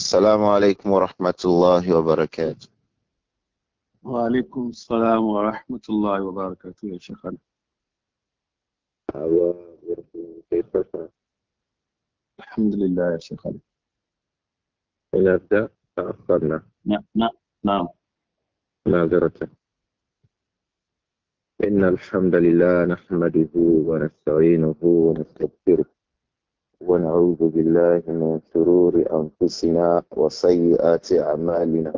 السلام عليكم ورحمة الله وبركاته وعليكم السلام ورحمة الله وبركاته يا شيخنا الحمد لله يا شيخنا نبدأ تأخرنا نعم نعم نعم معذرة إن الحمد لله نحمده ونستعينه ونستغفره ونعوذ بالله من شرور أنفسنا وسيئات أعمالنا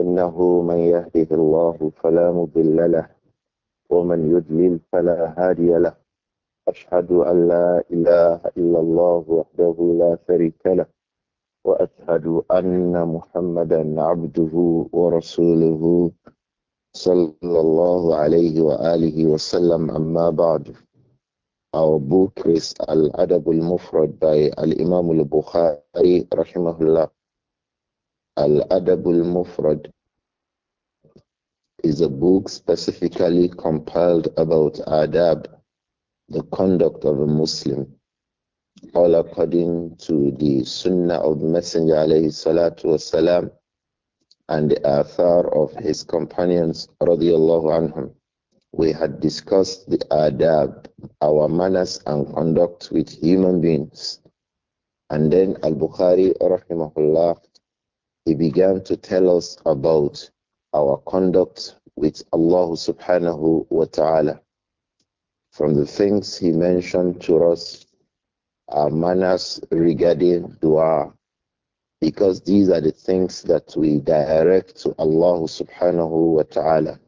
إنه من يهده الله فلا مضل له ومن يضلل فلا هادي له أشهد أن لا إله إلا الله وحده لا شريك له وأشهد أن محمدا عبده ورسوله صلى الله عليه وآله وسلم أما بعد our book is Al adabul Mufrad by Al Imam al Bukhari, rahimahullah. Al adabul al Mufrad is a book specifically compiled about adab, the conduct of a Muslim, all according to the Sunnah of the Messenger alayhi salatu wasalam, and the author of his companions radiallahu anhum we had discussed the adab, our manners and conduct with human beings. And then Al Bukhari, rahimahullah, he began to tell us about our conduct with Allah subhanahu wa ta'ala. From the things he mentioned to us are manners regarding dua, because these are the things that we direct to Allah subhanahu wa ta'ala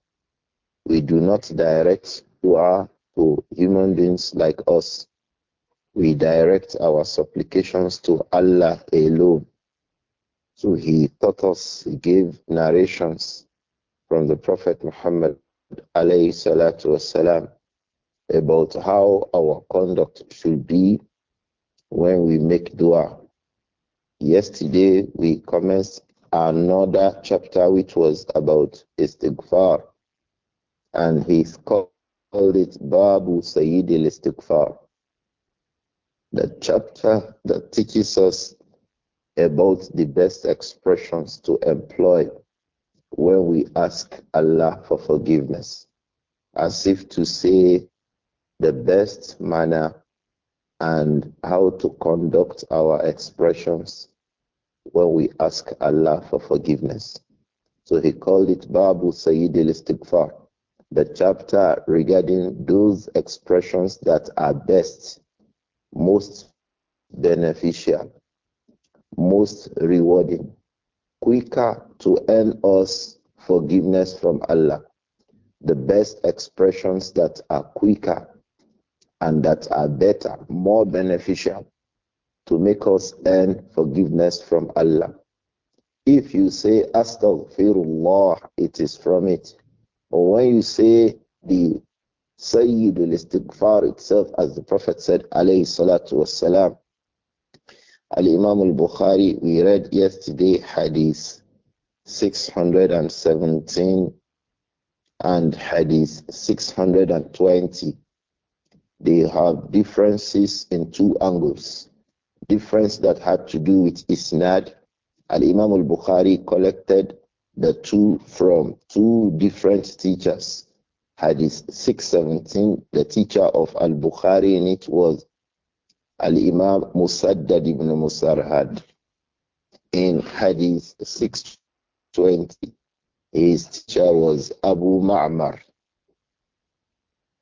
we do not direct dua to human beings like us. We direct our supplications to Allah alone. So he taught us, he gave narrations from the Prophet Muhammad alayhi salatu wasalam about how our conduct should be when we make dua. Yesterday we commenced another chapter which was about istighfar and he's called it Babu Sayyid al Istighfar. The chapter that teaches us about the best expressions to employ when we ask Allah for forgiveness, as if to say the best manner and how to conduct our expressions when we ask Allah for forgiveness. So he called it Babu Sayyid al Istighfar the chapter regarding those expressions that are best, most beneficial, most rewarding, quicker to earn us forgiveness from Allah. The best expressions that are quicker and that are better, more beneficial to make us earn forgiveness from Allah. If you say Astaghfirullah, it is from it when you say the Sayyidul Istighfar itself, as the Prophet said, alayhi salatu wassalam, Al Imam al Bukhari, we read yesterday Hadith 617 and Hadith 620. They have differences in two angles. Difference that had to do with Isnad. Al Imam al Bukhari collected the two from two different teachers. Hadith 617, the teacher of Al Bukhari in it was Al Imam Musaddad ibn Musarhad. In Hadith 620, his teacher was Abu Ma'mar.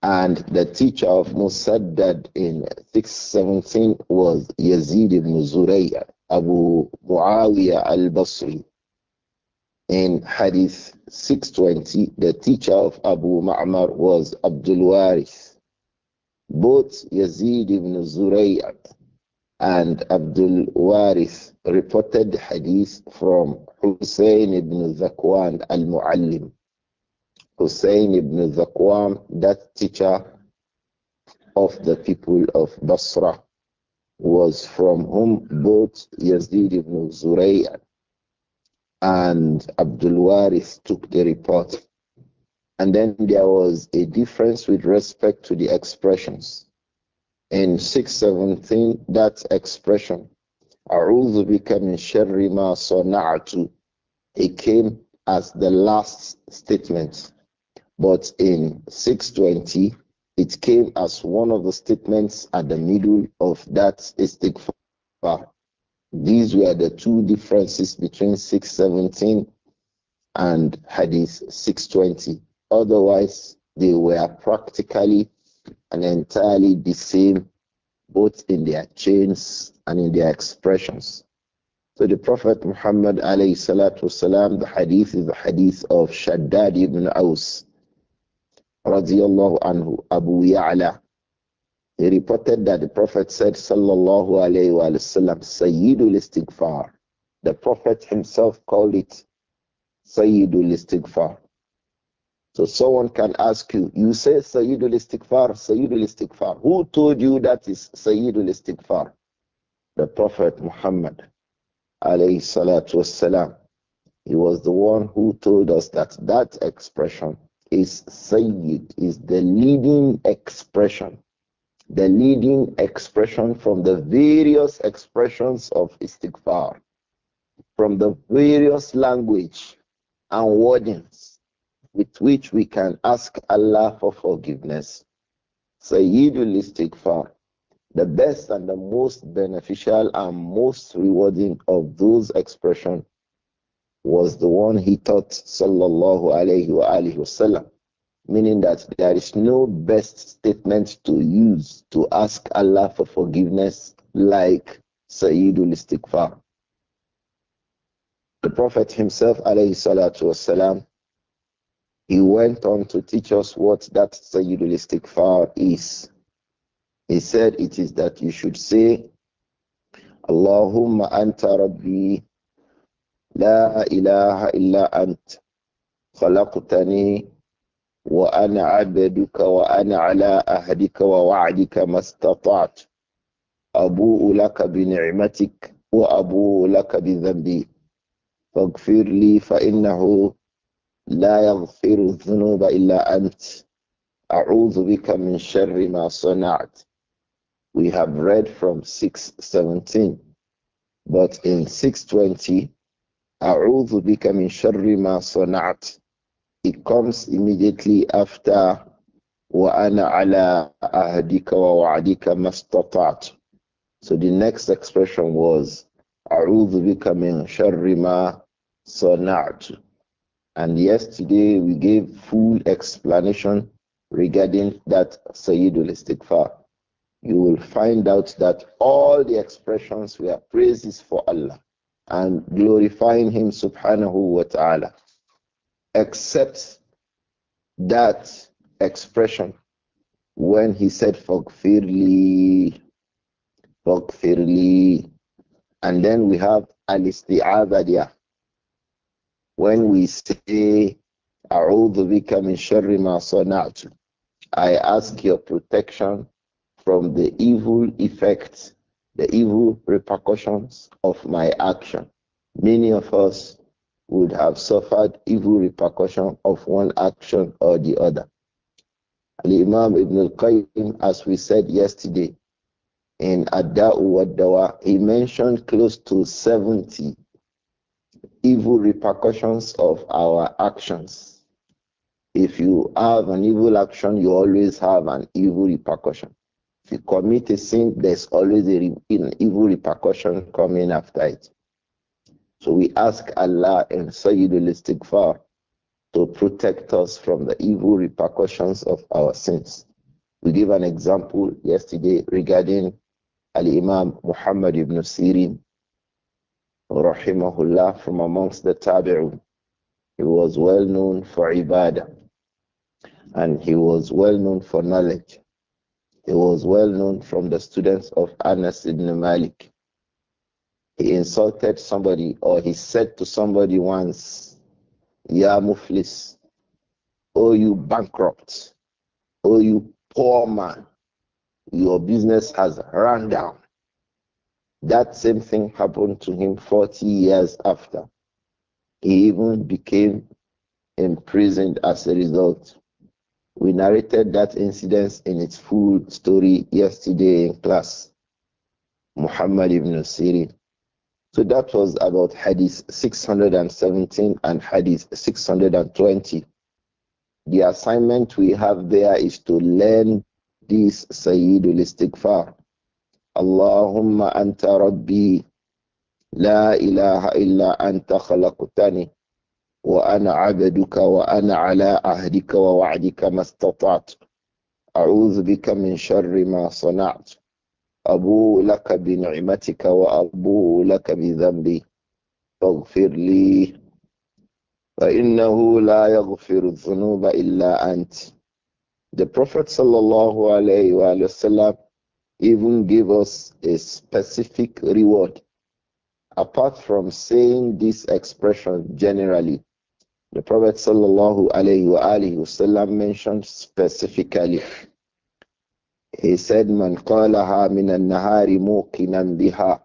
And the teacher of Musaddad in 617 was Yazid ibn Zurayya, Abu Muawiyah al Basri in Hadith 620, the teacher of Abu Ma'mar was Abdul Waris. Both Yazid ibn Zurayat and Abdul Waris reported Hadith from Hussein ibn Zakwan al Mu'allim. Hussein ibn Zakwan, that teacher of the people of Basra, was from whom both Yazid ibn Zurayat and Abdul Waris took the report. And then there was a difference with respect to the expressions. In 617, that expression, أعوذ بك من شر ما صنعت, it came as the last statement. But in 620, it came as one of the statements at the middle of that istighfar. These were the two differences between 617 and Hadith 620. Otherwise, they were practically and entirely the same, both in their chains and in their expressions. So the Prophet Muhammad alayhi salatu wasalam, the hadith is the hadith of Shaddad ibn Aus, radiallahu anhu, Abu Ya'la, he reported that the Prophet said, Sallallahu Alaihi Wasallam, Sayyidul Istighfar. The Prophet himself called it Sayyidul Istighfar. So someone can ask you, you say Sayyidul Istighfar, Sayyidul Istighfar. Who told you that is Sayyidul Istighfar? The Prophet Muhammad alayhi salatu wasalam. He was the one who told us that that expression is Sayyid, is the leading expression the leading expression from the various expressions of istighfar, from the various language and wordings with which we can ask Allah for forgiveness. Sayyidul Istighfar, the best and the most beneficial and most rewarding of those expressions was the one he taught sallallahu alayhi wa alihi wasallam meaning that there is no best statement to use to ask Allah for forgiveness like Sayyidul Istighfar. The Prophet himself, alayhi salatu wasalam, he went on to teach us what that Sayyidul Istighfar is. He said it is that you should say, Allahumma anta rabbi, la ilaha illa ant, khalaqtani وأنا عبدك وأنا على أهدك ووعدك ما استطعت أبوء لك بنعمتك وأبوء لك بذنبي فاغفر لي فإنه لا يغفر الذنوب إلا أنت أعوذ بك من شر ما صنعت We have read from 617 but in 620 أعوذ بك من شر ما صنعت it comes immediately after وَأَنَا عَلَىٰ أَهْدِكَ وَوَعْدِكَ Adika اسْتَطَعْتُ So the next expression was أَعُوذُ بِكَ مِنْ شَرِّ مَا صَنَعْتُ And yesterday we gave full explanation regarding that Sayyidul Istighfar. You will find out that all the expressions were praises for Allah and glorifying Him subhanahu wa ta'ala. Accept that expression when he said Fogfirli, Fogfirli. And then we have Alisti'abadiya. When we say A'udhu bika min sharri ma sana'tu. I ask your protection from the evil effects, the evil repercussions of my action. Many of us would have suffered evil repercussion of one action or the other. The Imam Ibn al-Qayyim, as we said yesterday, in Adda'u wa he mentioned close to 70 evil repercussions of our actions. If you have an evil action, you always have an evil repercussion. If you commit a sin, there's always an evil repercussion coming after it. So we ask Allah and Sayyidul Istighfar to protect us from the evil repercussions of our sins. We gave an example yesterday regarding Al Imam Muhammad ibn Sirin, rahimahullah, from amongst the Tabi'un. He was well known for ibadah and he was well known for knowledge. He was well known from the students of Anas ibn Malik he insulted somebody or he said to somebody once, Ya Muflis, oh you bankrupt, oh you poor man, your business has run down. That same thing happened to him 40 years after. He even became imprisoned as a result. We narrated that incident in its full story yesterday in class. Muhammad ibn Sirin so that was about Hadith 617 and Hadith 620. The assignment we have there is to learn this Sayyidul Istighfar. Allahumma anta rabbi la ilaha illa anta khalaqtani wa ana abduka wa ana ala ahdika wa wa'dika mastata'tu. أعوذ bika min شر ma صنعت أبو لك بنعمتك وأبو لك بذنبي فاغفر لي فإنه لا يغفر الذنوب إلا أنت The Prophet sallallahu alayhi wasallam even gave us a specific reward. Apart from saying this expression generally, the Prophet sallallahu alayhi wasallam mentioned specifically he said, Man qalaha min nahari muqinan biha.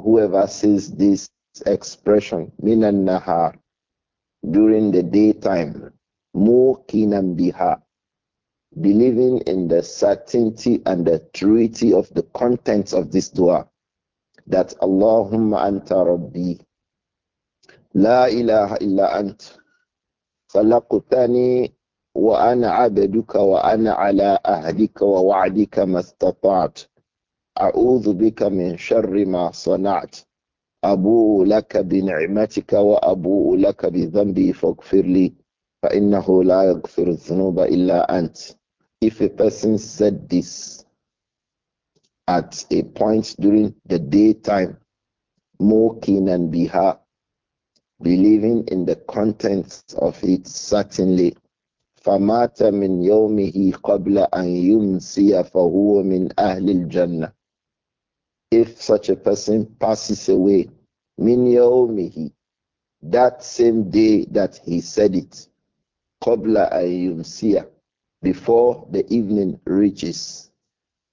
Whoever says this expression, min al-nahar, during the daytime, muqinan biha, believing in the certainty and the truity of the contents of this dua, that Allahumma anta rabbi, la ilaha illa ant, salakutani وأنا عبدك وأنا على أهدك ووعدك ما استطعت أعوذ بك من شر ما صنعت أبوء لك بنعمتك وأبوء لك بذنبي فاغفر لي فإنه لا يغفر الذنوب إلا أنت If a person said this at a point during the daytime, mocking and biha, believing in the contents of it certainly فمات من يومه قبل أن يمسي فهو من أهل الجنة if such a person passes away min yawmihi that same day that he said it qabla ayyumsiya before the evening reaches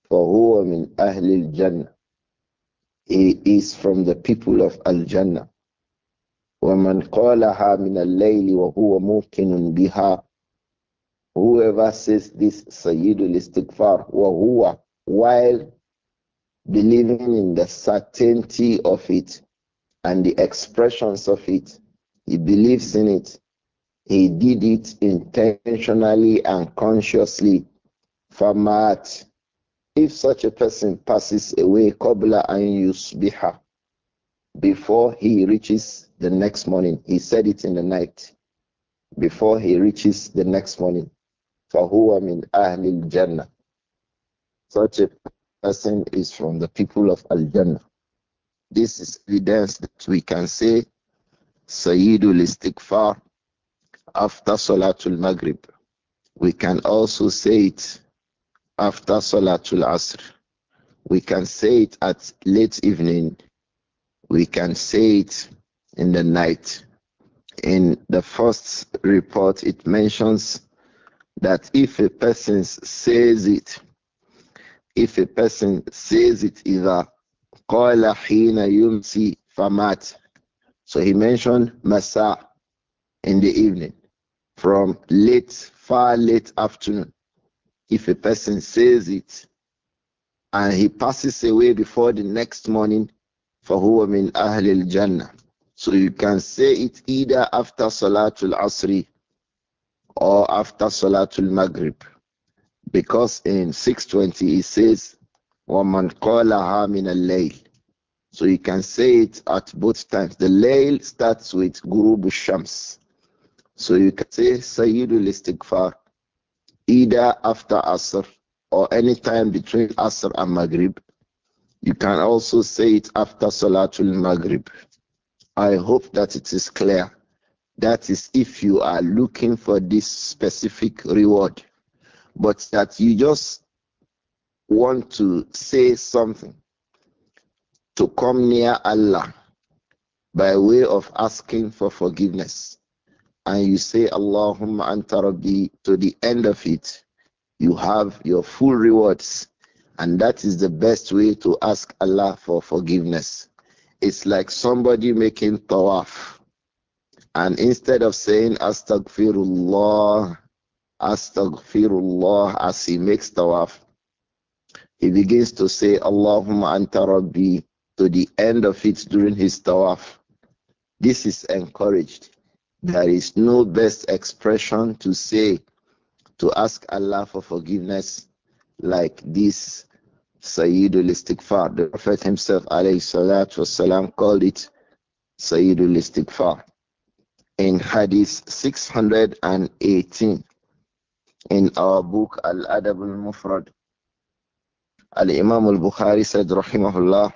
fahuwa min ahli al-jannah he is from the people of al-jannah ومن قالها من الليل وهو موقن بها Whoever says this Sayyidul Istighfar wa while believing in the certainty of it and the expressions of it, he believes in it. He did it intentionally and consciously. Famat. If such a person passes away, Qabla an yusbiha, before he reaches the next morning, he said it in the night, before he reaches the next morning, فَهُوَ مِنْ أَهْلِ الْجَنَّةِ Such a person is from the people of Al-Jannah. This is evidence that we can say Sayyidul Istighfar after Salatul Maghrib. We can also say it after Salatul Asr. We can say it at late evening. We can say it in the night. In the first report, it mentions that if a person says it, if a person says it either قال حين yumsi famat, so he mentioned masa in the evening from late far late afternoon if a person says it and he passes away before the next morning فهو من أهل الجنة so you can say it either after Salatul Asri or after Salatul Maghrib. Because in 620 it says, وَمَنْ قَالَهَا مِنَ اللَّيْلِ So you can say it at both times. The layl starts with Guru Shams. So you can say Sayyidul Istighfar either after Asr or any time between Asr and Maghrib. You can also say it after Salatul Maghrib. I hope that it is clear. That is if you are looking for this specific reward, but that you just want to say something to come near Allah by way of asking for forgiveness. And you say, Allahumma anta rabbi, to the end of it, you have your full rewards. And that is the best way to ask Allah for forgiveness. It's like somebody making tawaf and instead of saying Astaghfirullah, Astaghfirullah as he makes tawaf, he begins to say Allahumma anta Rabbi to the end of it during his tawaf. This is encouraged. There is no best expression to say to ask Allah for forgiveness like this Sayyidul Istighfar. The Prophet himself alayhi salatu wasalam, called it Sayyidul Istighfar. in Hadith 618 in our book Al Adab al Mufrad. Al Imam al Bukhari said, Rahimahullah,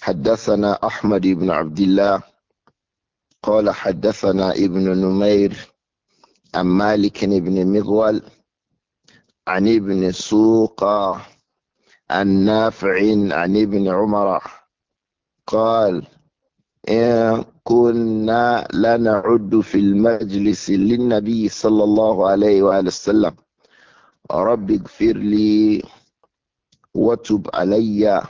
حدثنا أحمد بن عبد الله قال حدثنا ابن نمير عن مالك بن مغول عن ابن سوق عن نافع عن ابن عمر قال إيه كنا لا نعد في المجلس للنبي صلى الله عليه وآله وسلم رب اغفر لي وتب علي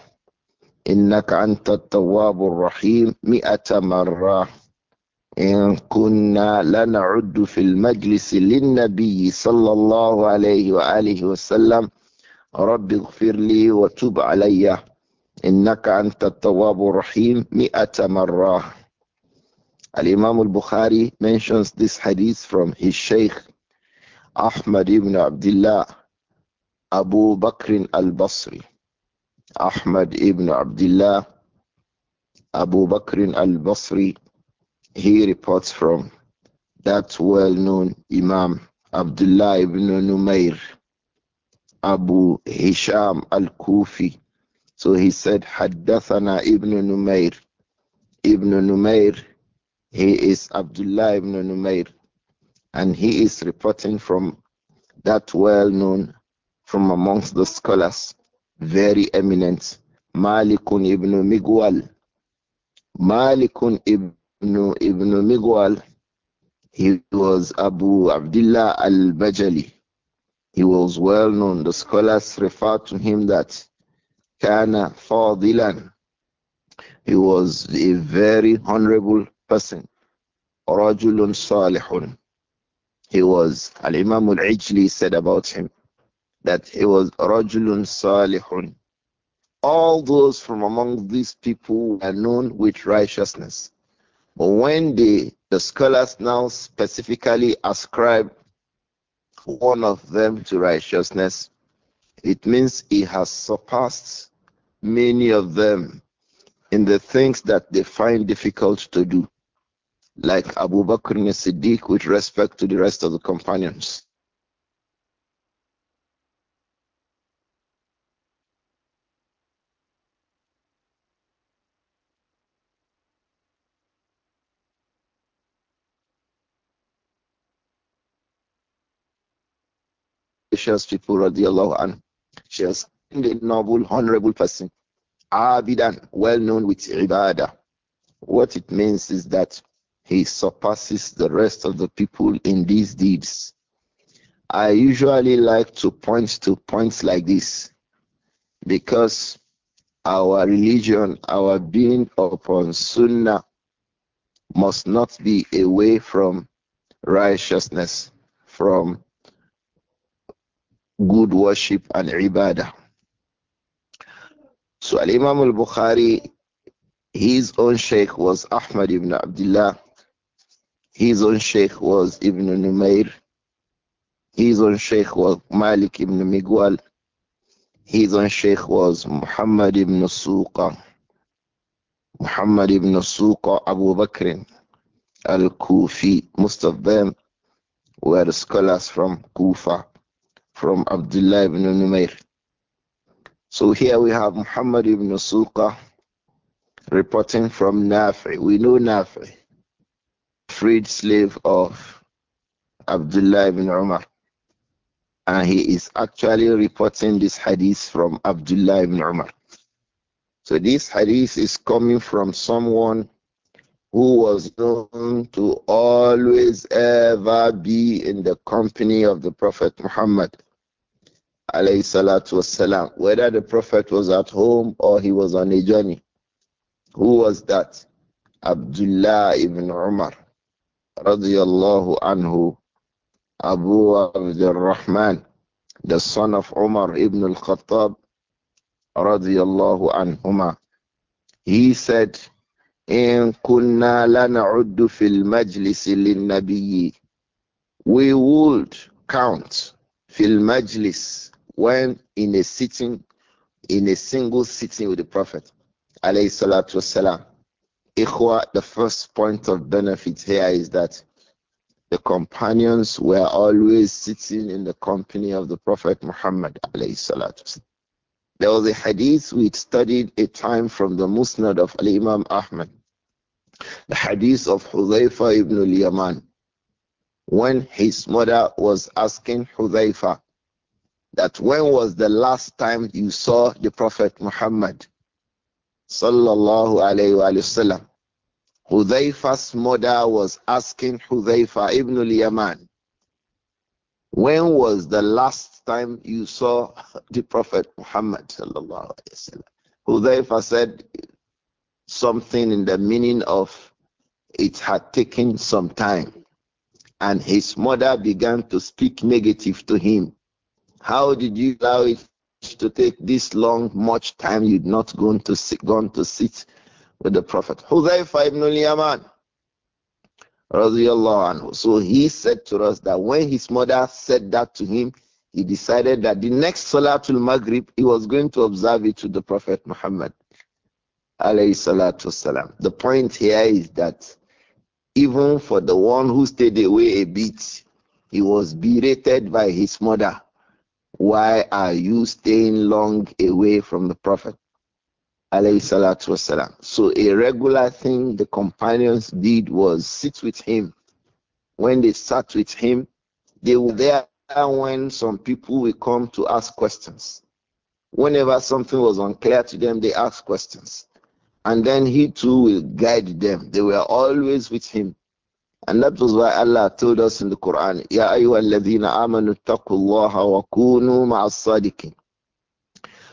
إنك أنت التواب الرحيم مئة مرة إن كنا لنعد في المجلس للنبي صلى الله عليه وآله وسلم رب اغفر لي وتب علي إنك أنت التواب الرحيم مئة مرة Al Imam al Bukhari mentions this hadith from his Shaykh Ahmad ibn Abdullah Abu Bakr al Basri. Ahmad ibn Abdullah Abu Bakr al Basri. He reports from that well known Imam Abdullah ibn Numair Abu Hisham al Kufi. So he said, Haddathana ibn Numair. Ibn Numair he is Abdullah ibn Numair, and he is reporting from that well known from amongst the scholars, very eminent, Malikun ibn Miguel. Malikun ibn, ibn Miguel, he was Abu Abdullah al Bajali. He was well known. The scholars refer to him that Kana Fadilan. He was a very honorable person. Rajulun Salihun. He was, Al Imam Al Ijli said about him that he was Rajulun Salihun. All those from among these people are known with righteousness. But when the scholars now specifically ascribe one of them to righteousness, it means he has surpassed many of them in the things that they find difficult to do like Abu Bakr and Siddiq with respect to the rest of the companions. precious people, radiallahu anhu. She has a noble, honorable person. Abidan, well known with ibadah. What it means is that he surpasses the rest of the people in these deeds. I usually like to point to points like this because our religion, our being upon Sunnah, must not be away from righteousness, from good worship and ibadah. So Al Imam al Bukhari, his own sheikh was Ahmad ibn Abdullah his own sheikh was Ibn Numair. His own sheikh was Malik ibn Miguel. His own sheikh was Muhammad ibn Suqa. Muhammad ibn Suqa Abu Bakr al-Kufi. Most of them were the scholars from Kufa, from Abdullah ibn Numair. So here we have Muhammad ibn Suqa reporting from Nafi. We know Nafi freed slave of Abdullah ibn Umar. And he is actually reporting this hadith from Abdullah ibn Umar. So this hadith is coming from someone who was known to always ever be in the company of the Prophet Muhammad. whether the Prophet was at home or he was on a journey. Who was that? Abdullah ibn Umar radiallahu anhu, Abu Abdul Rahman, the son of Umar ibn al-Khattab, radiallahu anhuma. He said, "In kunna لنعد في المجلس للنبي We would count في majlis when in a sitting in a single sitting with the Prophet the first point of benefit here is that the companions were always sitting in the company of the Prophet Muhammad. There was a hadith we studied a time from the Musnad of Al Imam Ahmad, the hadith of Hudayfa ibn al Yaman, when his mother was asking Hudayfa that when was the last time you saw the Prophet Muhammad? Sallallahu alayhi wa sallam. Hudayfa's mother was asking Hudayfa ibn al-Yaman, when was the last time you saw the Prophet Muhammad sallallahu alaihi wasallam? Hudayfa said something in the meaning of it had taken some time. And his mother began to speak negative to him. How did you allow it to take this long, much time you'd not gone to sit, gone to sit with the Prophet. is five ibn al-Yaman. So he said to us that when his mother said that to him, he decided that the next Salatul Maghrib, he was going to observe it to the Prophet Muhammad. The point here is that even for the one who stayed away a bit, he was berated by his mother. Why are you staying long away from the Prophet? So a regular thing the companions did was sit with him. When they sat with him, they were there when some people will come to ask questions. Whenever something was unclear to them, they asked questions. And then he too will guide them. They were always with him. And that was why Allah told us in the Quran, Ya ayyuhalladhina amanu taqullaha wa kunu ma'as-sadiqin.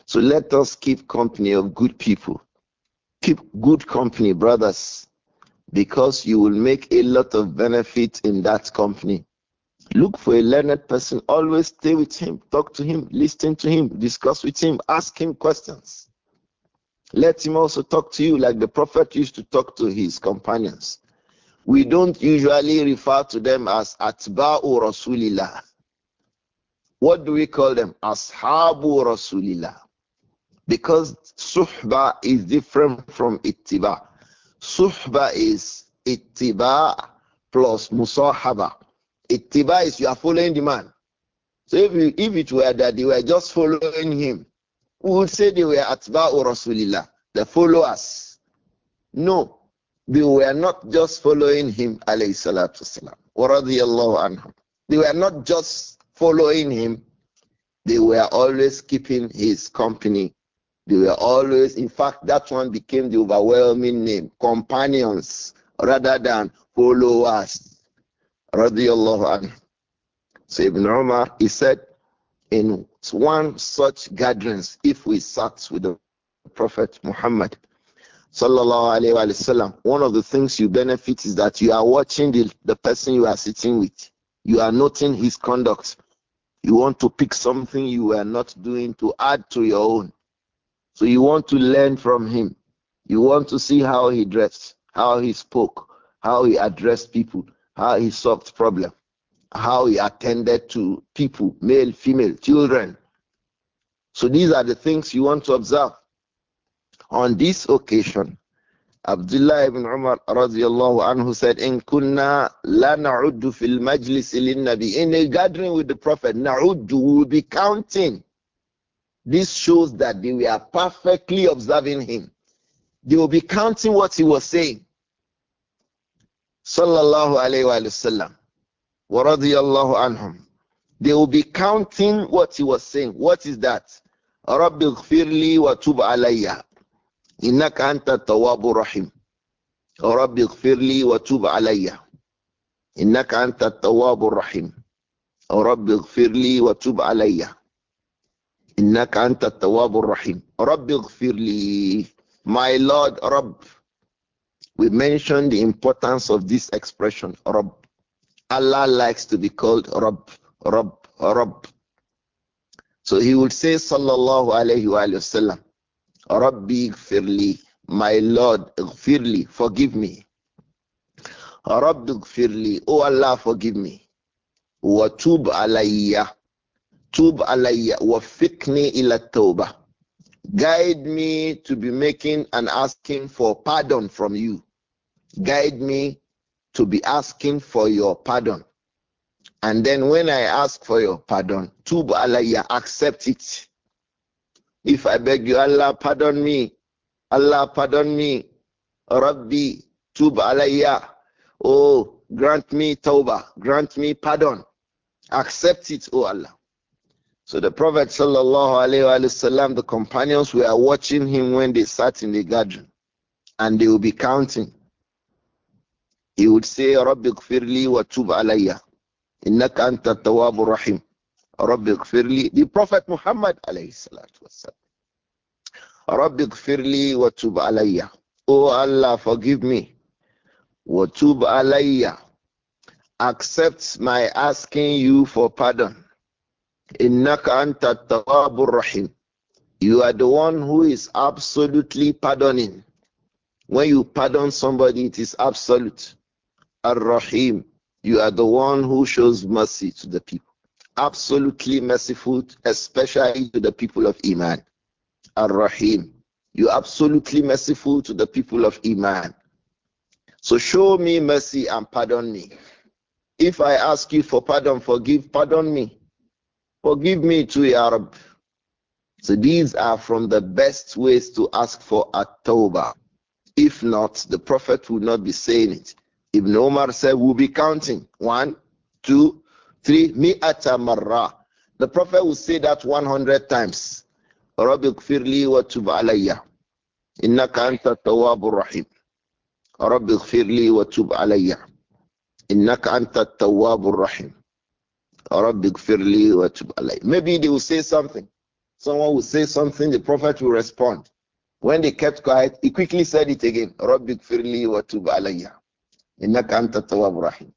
So let us keep company of good people. Keep good company, brothers, because you will make a lot of benefit in that company. Look for a learned person. Always stay with him, talk to him, listen to him, discuss with him, ask him questions. Let him also talk to you like the prophet used to talk to his companions. We don't usually refer to them as Atba'u Rasulillah. What do we call them? Ashabu Rasulillah. Because suhba is different from ittiba. Suhba is ittiba plus musahaba. Ittiba is you are following the man. So if, you, if it were that they were just following him, we would say they were atba'u Rasulillah, the followers. No, they were not just following him, alayhi salatu wasalam, wa They were not just following him, they were always keeping his company, they were always, in fact, that one became the overwhelming name, companions rather than followers. So Ibn Umar, he said, in one such gatherings, if we sat with the Prophet Muhammad, sallallahu wasallam, one of the things you benefit is that you are watching the, the person you are sitting with. You are noting his conduct. You want to pick something you are not doing to add to your own. So you want to learn from him. You want to see how he dressed, how he spoke, how he addressed people, how he solved problem, how he attended to people, male, female, children. So these are the things you want to observe. On this occasion, Abdullah ibn Umar radiallahu anhu said, In kunna la na'uddu fil majlis lin nabi. In a gathering with the Prophet, na'uddu will be counting. This shows that they were perfectly observing him. They will be counting what he was saying. Sallallahu alayhi wasallam. Wa radiyallahu anhum. They will be counting what he was saying. What is that? Rabbi ghfirli wa tub alayya. Innaka anta tawabu rahim. Rabbi ghfirli wa tub alayya. إنك anta tawabu rahim. رب اغفر wa tub alayya. إنك أنت التواب الرحيم رب اغفر my Lord Rabb we mentioned the importance of this expression Rabb Allah likes to be called Rabb Rabb Rabb so he would say sallallahu alayhi wa sallam Rabbi gfirli my Lord gfirli forgive me Rabbi gfirli oh Allah forgive me Wa tub alayya Tub alayya wa fikni ila Guide me to be making and asking for pardon from you. Guide me to be asking for your pardon. And then when I ask for your pardon, Tub alayya, accept it. If I beg you, Allah, pardon me. Allah, pardon me. Rabbi, tub alayya. Oh, grant me tawbah. Grant me pardon. Accept it, O oh Allah. So the Prophet وسلم, the companions were watching him when they sat in the garden and they will be counting. He would say, Rabbi Gfirli wa tub alayya. Innaka anta tawabur rahim. Rabbi Gfirli. The Prophet Muhammad alayhi salatu wasalam. Rabbi wa tub alayya. Oh Allah, forgive me. Wa tub alayya. Accept my asking you for pardon Innaka anta tawabur rahim. You are the one who is absolutely pardoning. When you pardon somebody, it is absolute. Ar-Rahim. You are the one who shows mercy to the people. Absolutely merciful, especially to the people of Iman. Ar-Rahim. You are absolutely merciful to the people of Iman. So show me mercy and pardon me. If I ask you for pardon, forgive, pardon me. Forgive me to Arab. So these are from the best ways to ask for a tawbah. If not, the Prophet would not be saying it. Ibn Omar said, We'll be counting. One, two, three, mi'ata marra. The Prophet will say that 100 times. Rabbi gfirli wa tub alayya. Innaka anta tawwabur rahim. Rabbi gfirli wa tub alayya. Innaka anta tawwabur rahim. Oh, Rabbighfirli wa tub alayhi. Maybe they will say something. Someone will say something, the Prophet will respond. When they kept quiet, he quickly said it again. Rabbighfirli wa tub alayya. Innaka anta tawwab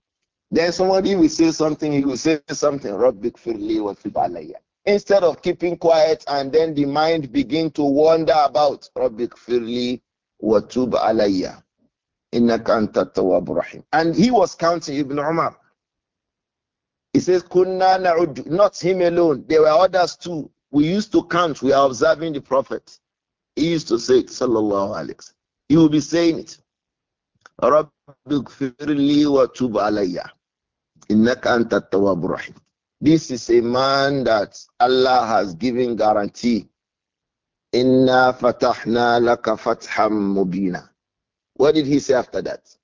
Then somebody will say something, he will say something. Rabbighfirli wa tub alayya. Instead of keeping quiet and then the mind begin to wander about. Rabbighfirli wa watub alayya. Innaka anta tawwab And he was counting Ibn Umar. He says, Kunna not him alone. There were others too. We used to count. We are observing the Prophet. He used to say it, sallallahu alayhi wa He will be saying it. This is a man that Allah has given guarantee. Inna fatahna لك فتحا مبينا What did he say after that?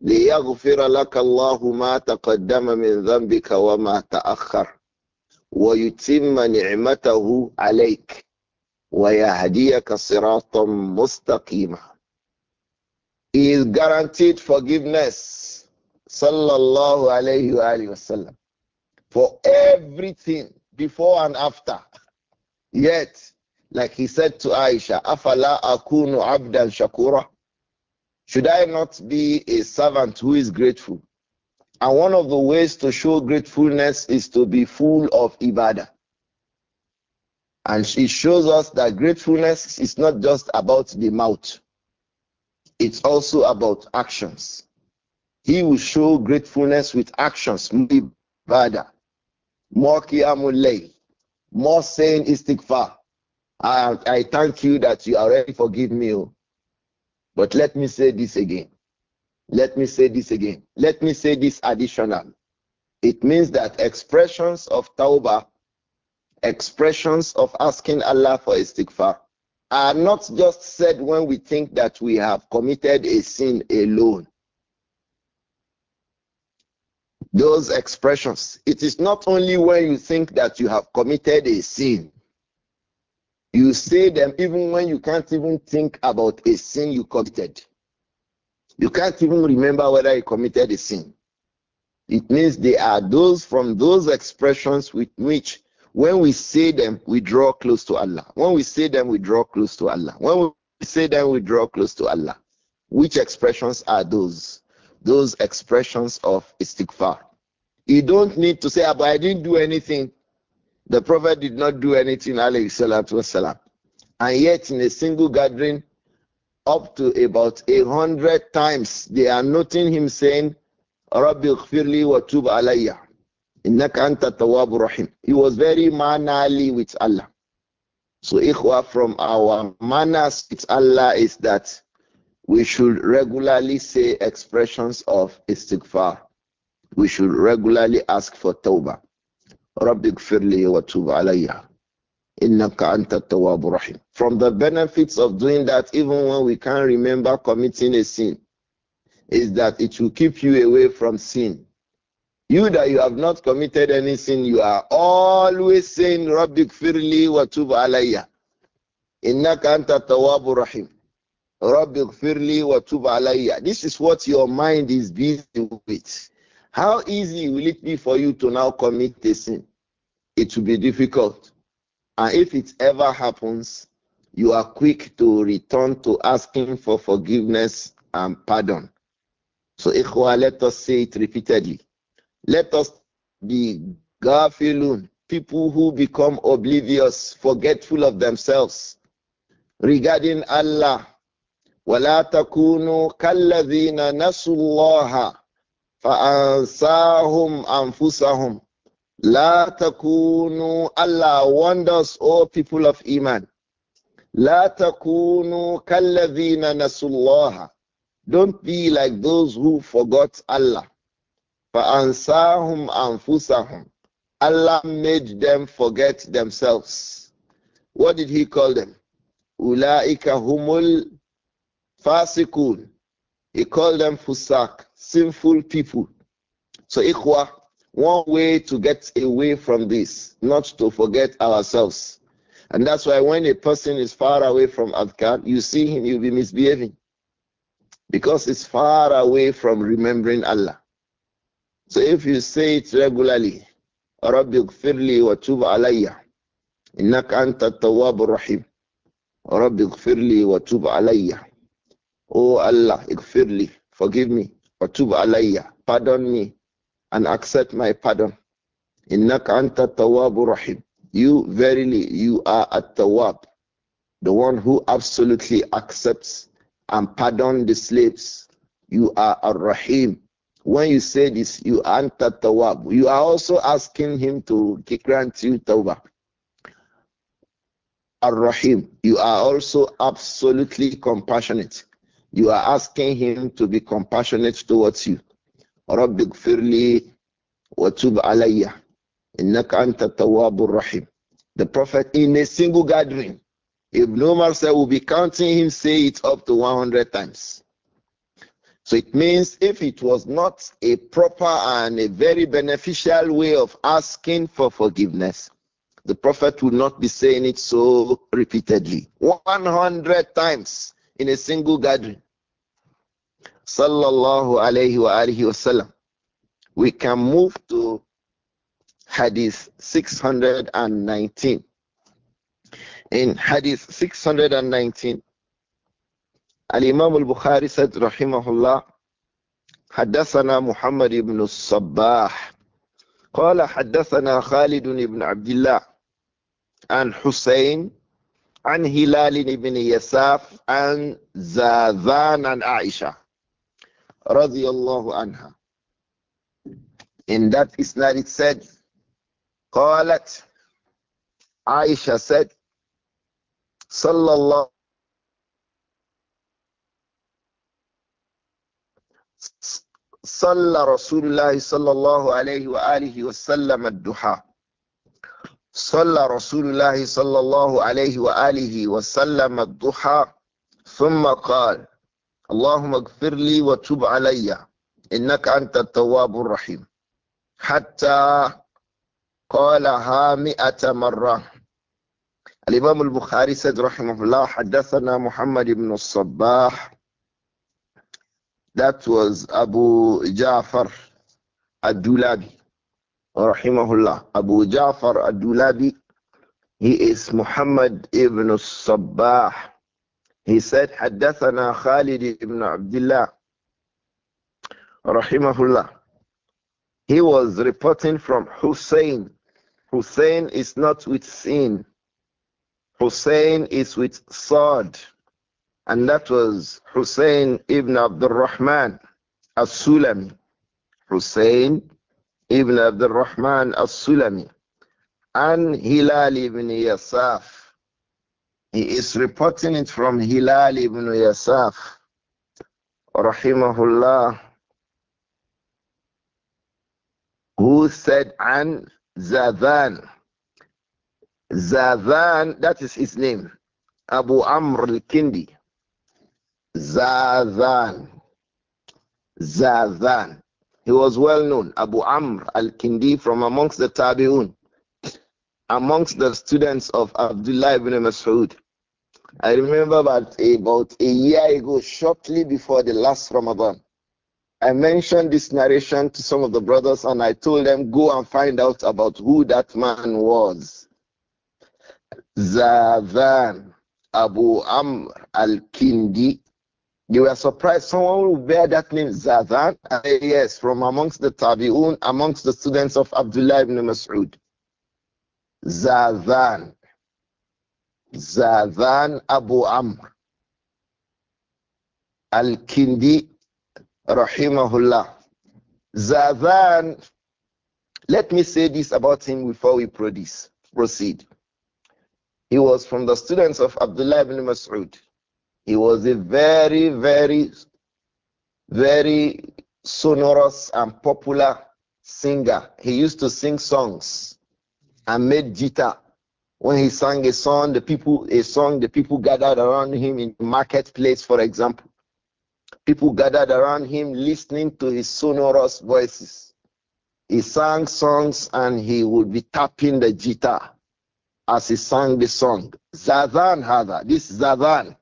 ليغفر لك الله ما تقدم من ذنبك وما تأخر ويتم نعمته عليك ويهديك صراطا مستقيما He is guaranteed forgiveness sallallahu alayhi wa alayhi wasallam for everything before and after yet like he said to Aisha afala akunu abdan shakura should I not be a servant who is grateful? And one of the ways to show gratefulness is to be full of ibadah. And it shows us that gratefulness is not just about the mouth, it's also about actions. He will show gratefulness with actions, ibadah, more qiyamul more saying istighfar. I, I thank you that you already forgive me. Oh. But let me say this again. Let me say this again. Let me say this additional. It means that expressions of tawbah, expressions of asking Allah for istighfar, are not just said when we think that we have committed a sin alone. Those expressions, it is not only when you think that you have committed a sin, you say them even when you can't even think about a sin you committed. You can't even remember whether you committed a sin. It means they are those from those expressions with which, when we say them, we draw close to Allah. When we say them, we draw close to Allah. When we say them, we draw close to Allah. Which expressions are those? Those expressions of istighfar. You don't need to say, ah, but I didn't do anything. The Prophet did not do anything, alayhi salatu wasalam. And yet, in a single gathering, up to about a hundred times, they are noting him saying, Rabbi Khfirli wa tub alayya. Innaka anta tawabu rahim. He was very manali with Allah. So, ikhwa, from our manners with Allah is that we should regularly say expressions of istighfar. We should regularly ask for tawbah. رب اغفر لي وتوب علي إنك أنت التواب الرحيم From the benefits of doing that even when we can't remember committing a sin is that it will keep you away from sin. You that you have not committed any sin, you are always saying, Rabbi Gfirli wa tub alayya. Innaka anta tawabu rahim. Rabbi Gfirli wa tub alayya. This is what your mind is busy with. How easy will it be for you to now commit a sin? It will be difficult. And if it ever happens, you are quick to return to asking for forgiveness and pardon. So, Ikhwa, let us say it repeatedly. Let us be gafilun, people who become oblivious, forgetful of themselves regarding Allah. وَلَا تَكُونُوا كَالَّذِينَ نَسُوا اللَّهَ فأنساهم أنفسهم لا تكونوا Allah wonders all people of Iman لا تكونوا كالذين نسوا الله Don't be like those who forgot Allah فأنساهم أنفسهم Allah made them forget themselves What did he call them? أولئك هم الفاسقون He called them Fusak sinful people. So, ikhwa, one way to get away from this, not to forget ourselves. And that's why when a person is far away from Adkar, you see him, you'll be misbehaving. Because it's far away from remembering Allah. So if you say it regularly, رَبِّ اغْفِرْ لِي وَتُوبْ عَلَيَّ إِنَّكَ أَنْتَ التَّوَّابُ الرَّحِيمُ رَبِّ اغْفِرْ لِي وَتُوبْ عَلَيَّ Oh Allah, اغْفِرْ لي, forgive me. Atub alayya. Pardon me and accept my pardon. Innaka anta tawabu rahim. You verily you are at tawab, the one who absolutely accepts and pardon the slaves. You are a rahim. When you say this, you anta tawab. You are also asking him to grant you tawbah. Ar rahim. You are also absolutely compassionate. You are asking him to be compassionate towards you. اغفر لي علي إنك أنت التواب الرحيم. The Prophet in a single gathering, Ibn Umar said, will be counting him say it up to 100 times. So it means if it was not a proper and a very beneficial way of asking for forgiveness, the Prophet would not be saying it so repeatedly. 100 times in a single gathering. Sallallahu alayhi wa wasallam. We can move to Hadith 619. In Hadith 619, الإمام Bukhari said رحمه الله حدثنا محمد بن الصباح قال حدثنا خالد بن عبد الله عن حسين عن هلال بن يساف عن زاذان عن عائشة رضي الله عنها in that isnad it said قالت عائشة said صلى الله صلى رسول الله صلى الله عليه وآله وسلم الدحى صلى رسول الله صلى الله عليه وآله وسلم الضحى ثم قال اللهم اغفر لي وتب علي إنك أنت التواب الرحيم حتى قالها مئة مرة الإمام البخاري سيد رحمه الله حدثنا محمد بن الصباح that was Abu Ja'far Abdulabi rahimahullah, Abu Ja'far Adulabi, he is Muhammad ibn Sabbah. He said, حدثنا خالد ibn Abdullah, rahimahullah. He was reporting from Hussein. Hussein is not with sin. Hussein is with sword, And that was Hussein ibn Abdul Rahman as-Sulami. Hussein ابن عبد الرحمن السلمي عن هلال ibn يساف he is reporting it from Hilal يساف رحمه rahimahullah who said an Zadan Zadan that is his name Abu Amr الكندي kindi Zadan He was well known, Abu Amr al-Kindi from amongst the Tabi'un, amongst the students of Abdullah ibn Mas'ud. I remember about, about a year ago, shortly before the last Ramadan, I mentioned this narration to some of the brothers and I told them, go and find out about who that man was. Zavan Abu Amr al-Kindi you were surprised. Someone will bear that name, Zadan. Uh, yes, from amongst the Tabi'un, amongst the students of Abdullah ibn Mas'ud. Zadan. Zadan Abu Amr. Al-Kindi, rahimahullah. Zadan, let me say this about him before we produce, proceed. He was from the students of Abdullah ibn Mas'ud. He was a very, very, very sonorous and popular singer. He used to sing songs and made guitar. When he sang a song, the people a song, the people gathered around him in marketplace, for example. People gathered around him listening to his sonorous voices. He sang songs and he would be tapping the guitar as he sang the song. Zadan Hada, this Zadan,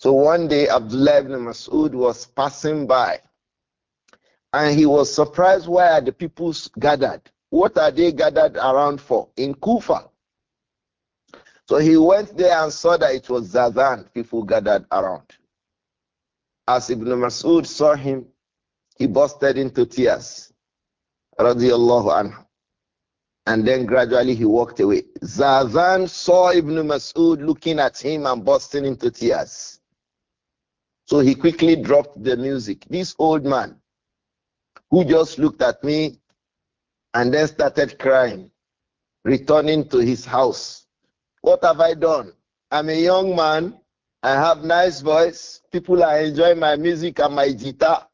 so one day Abdullah ibn Mas'ud was passing by and he was surprised are the people gathered. What are they gathered around for? In Kufa. So he went there and saw that it was Zazan people gathered around. As Ibn Mas'ud saw him, he bursted into tears. Radiallahu anhu. And then gradually he walked away. Zazan saw Ibn Mas'ud looking at him and bursting into tears. So he quickly dropped the music. This old man, who just looked at me and then started crying, returning to his house. What have I done? I'm a young man. I have nice voice. People are enjoying my music and my guitar.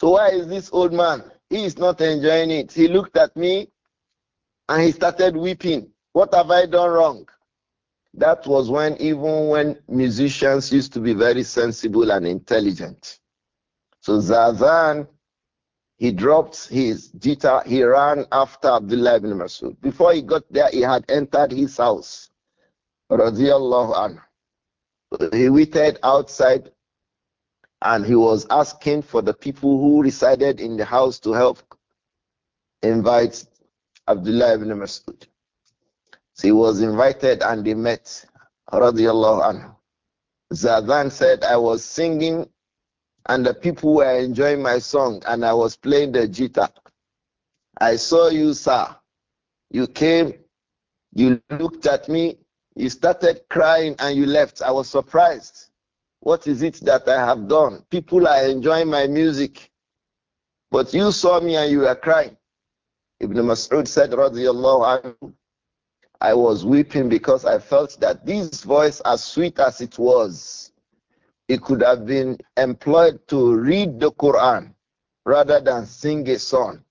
So why is this old man? He is not enjoying it. He looked at me and he started weeping. What have I done wrong? That was when, even when musicians used to be very sensible and intelligent. So Zazan, he dropped his guitar, he ran after Abdullah ibn Masud. Before he got there, he had entered his house. He waited outside and he was asking for the people who resided in the house to help invite Abdullah ibn Masud. So he was invited and they met. Radiallahu anhu. Zadan said, I was singing and the people were enjoying my song and I was playing the jita. I saw you, sir. You came, you looked at me, you started crying and you left. I was surprised. What is it that I have done? People are enjoying my music. But you saw me and you were crying. Ibn Mas'ud said, Radiallahu anhu, I was weeping because I felt that this voice, as sweet as it was, it could have been employed to read the Quran rather than sing a song.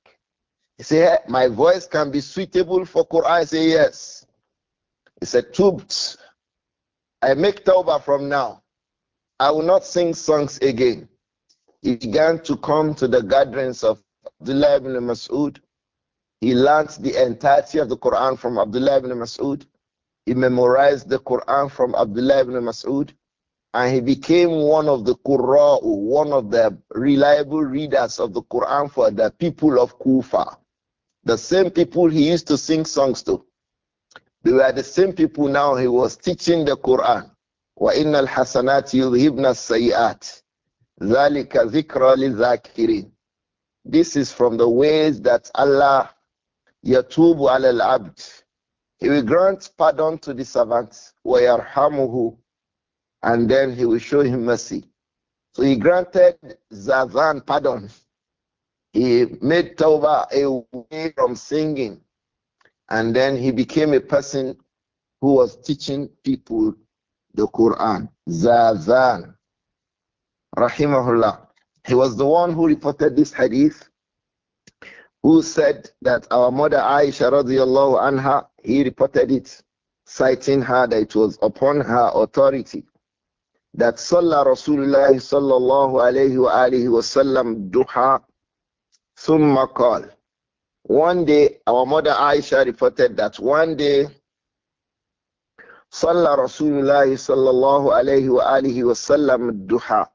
He said, My voice can be suitable for Quran. I say, Yes. He said, Tubed. I make tawbah from now. I will not sing songs again. He began to come to the gatherings of Abdullah ibn Mas'ud he learned the entirety of the Quran from Abdullah ibn Mas'ud. He memorized the Quran from Abdullah ibn Mas'ud. And he became one of the Qurra, one of the reliable readers of the Quran for the people of Kufa. The same people he used to sing songs to. They were the same people now he was teaching the Quran. وَإِنَّ الْحَسَنَاتِ يُذْهِبْنَ السَّيِّئَاتِ ذَلِكَ ذِكْرَ لِلذَّاكِرِينَ This is from the ways that Allah Yatubu al abd. He will grant pardon to the servant, wa yarhamuhu, and then he will show him mercy. So he granted Zavan pardon. He made Tawbah away from singing, and then he became a person who was teaching people the Quran. Zavan, rahimahullah. He was the one who reported this hadith who said that our mother Aisha radiallahu anha, he reported it, citing her that it was upon her authority that Salah Rasulullah sallallahu alayhi wa alihi wa sallam duha thumma qal. One day, our mother Aisha reported that one day, Salah Rasulullah sallallahu alayhi wa alihi wa sallam duha.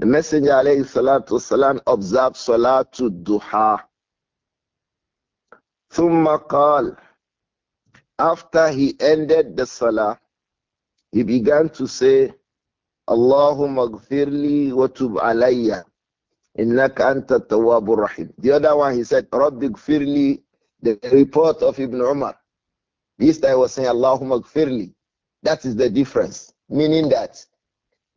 The Messenger alayhi salatu salam observed Salatul Duha. ثم قال after he ended the salah he began to say Allahumma gfirli wa tub alayya innaka anta tawwabur rahim the other one he said rabbi gfirli the report of Ibn Umar this time I was saying Allahumma gfirli that is the difference meaning that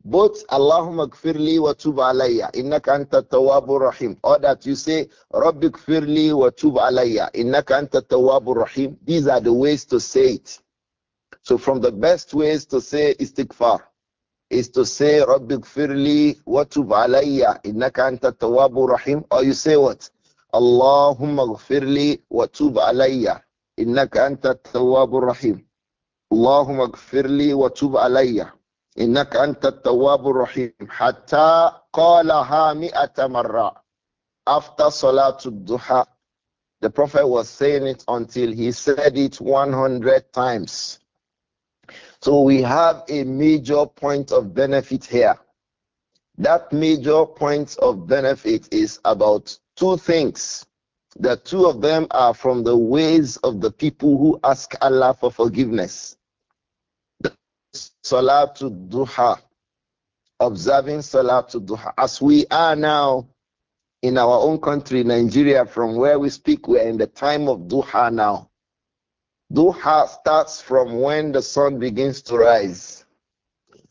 both Allahumma gfirli wa tub alayya innaka anta tawwabur rahim or that you say Rabbi gfirli wa tub alayya innaka anta tawwabur rahim these are the ways to say it so from the best ways to say istighfar is to say Rabbi gfirli wa tub alayya innaka anta tawwabur rahim or you say what Allahumma gfirli wa tub alayya innaka anta tawwabur rahim Allahumma gfirli wa tub alayya إنك أنت التواب الرحيم حتى قالها مئة مرة after Salatul Duha the Prophet was saying it until he said it 100 times so we have a major point of benefit here that major point of benefit is about two things the two of them are from the ways of the people who ask Allah for forgiveness Salatul Duha, observing Salatul Duha, as we are now in our own country, Nigeria, from where we speak, we're in the time of Duha now. Duha starts from when the sun begins to rise.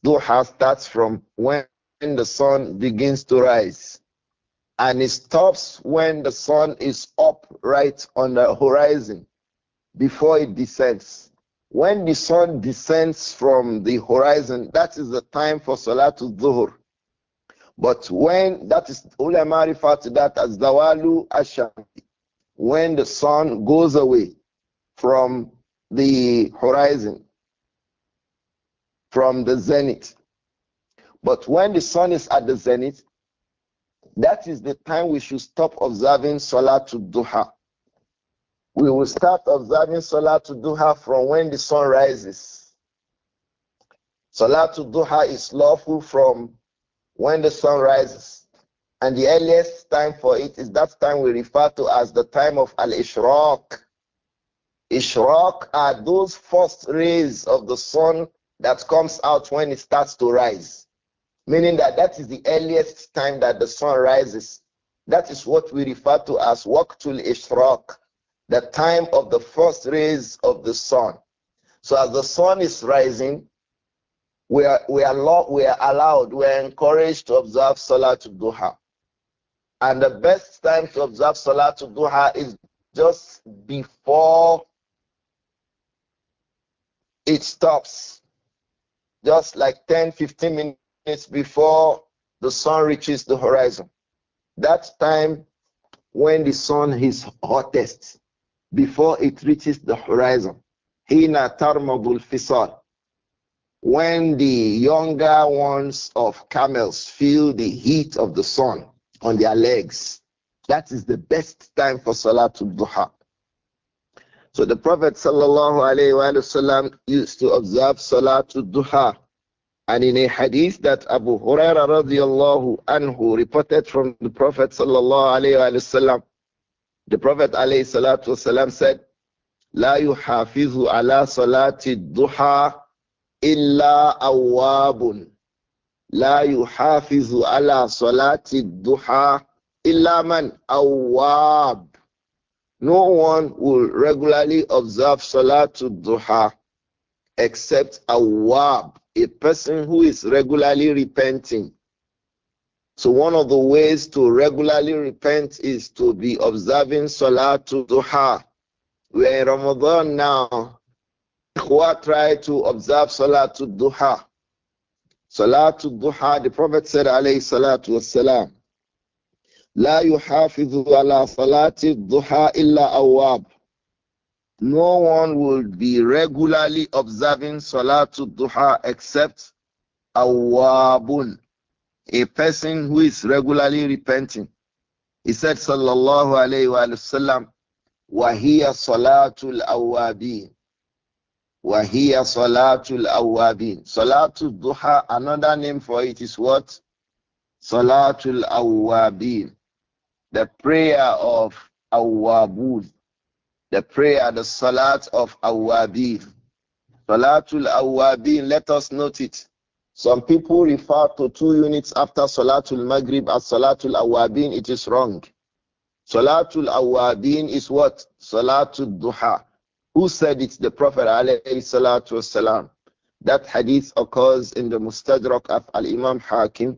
Duha starts from when the sun begins to rise. And it stops when the sun is up right on the horizon before it descends. When the sun descends from the horizon, that is the time for Salatul Dhuhr. But when that is ulama refer to that as Zawalu Ashanti, when the sun goes away from the horizon, from the zenith. But when the sun is at the zenith, that is the time we should stop observing Salatul Duha we will start observing Salatul Duha from when the sun rises. Salatul Duha is lawful from when the sun rises. And the earliest time for it is that time we refer to as the time of Al Ishraq. Ishraq are those first rays of the sun that comes out when it starts to rise. Meaning that that is the earliest time that the sun rises. That is what we refer to as Waqtul Ishraq the time of the first rays of the sun. So as the sun is rising, we are, we are, lo- we are allowed, we are encouraged to observe to Duha. And the best time to observe to Duha is just before it stops. Just like 10, 15 minutes before the sun reaches the horizon. That time when the sun is hottest before it reaches the horizon. Hina tarmadul fisal. When the younger ones of camels feel the heat of the sun on their legs, that is the best time for Salatul Duha. So the Prophet وسلم, used to observe Salatul Duha. And in a hadith that Abu Huraira radiallahu anhu reported from the Prophet sallallahu the Prophet والسلام, said, "La yuhafizu ala صلاة duha illa أواب La yuhafizu ala salati duha illa man awab." No one will regularly observe to Duha except Awab, a person who is regularly repenting. So one of the ways to regularly repent is to be observing Salatul Duha. We're in Ramadan now. Ikhwa try to observe Salatul Duha. Salatul Duha, the Prophet said, alayhi salatu wassalam, لا يحافظ على صلاة الضحى إلا أواب. No one will be regularly observing Salatul Duha except awabun, a person who is regularly repenting. He said, Sallallahu Alaihi Wasallam, Wahiyya Salatul Awabin. Wahiyya Salatul Awabin. Salatul Duha, another name for it is what? Salatul Awabin. The prayer of Awabud. The prayer, the Salat of Awabin. Salatul Awabin, let us note it. Some people refer to two units after Salatul Maghrib as Salatul Awabin. It is wrong. Salatul Awabin is what? Salatul Duha. Who said it? The Prophet alayhi salatu wasalam. That hadith occurs in the Mustadrak of Al-Imam Hakim.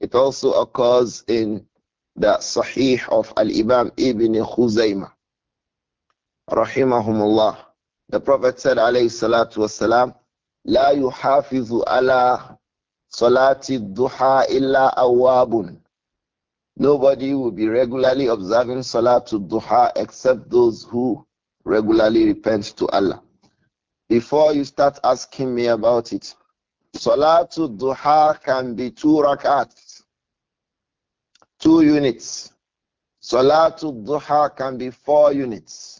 It also occurs in the Sahih of Al-Imam Ibn Khuzaymah. Rahimahumullah. The Prophet said alayhi salatu wasalam, لا يحافظ على صلاة الضحى إلا أواب Nobody will be regularly observing to Duha except those who regularly repent to Allah. Before you start asking me about it, to Duha can be two rakats, two units. to Duha can be four units.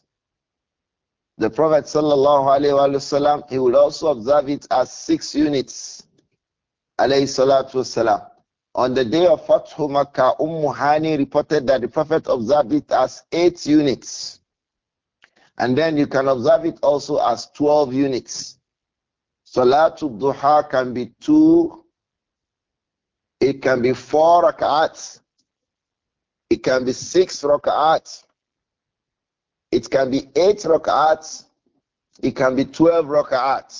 The Prophet وسلم, he will also observe it as six units. On the day of Fathu Makkah, Umm Hani reported that the Prophet observed it as eight units. And then you can observe it also as 12 units. Salatul Duha can be two, it can be four rak'ats, it can be six rak'ats, it can be eight rak'ats, it can be 12 rak'ats.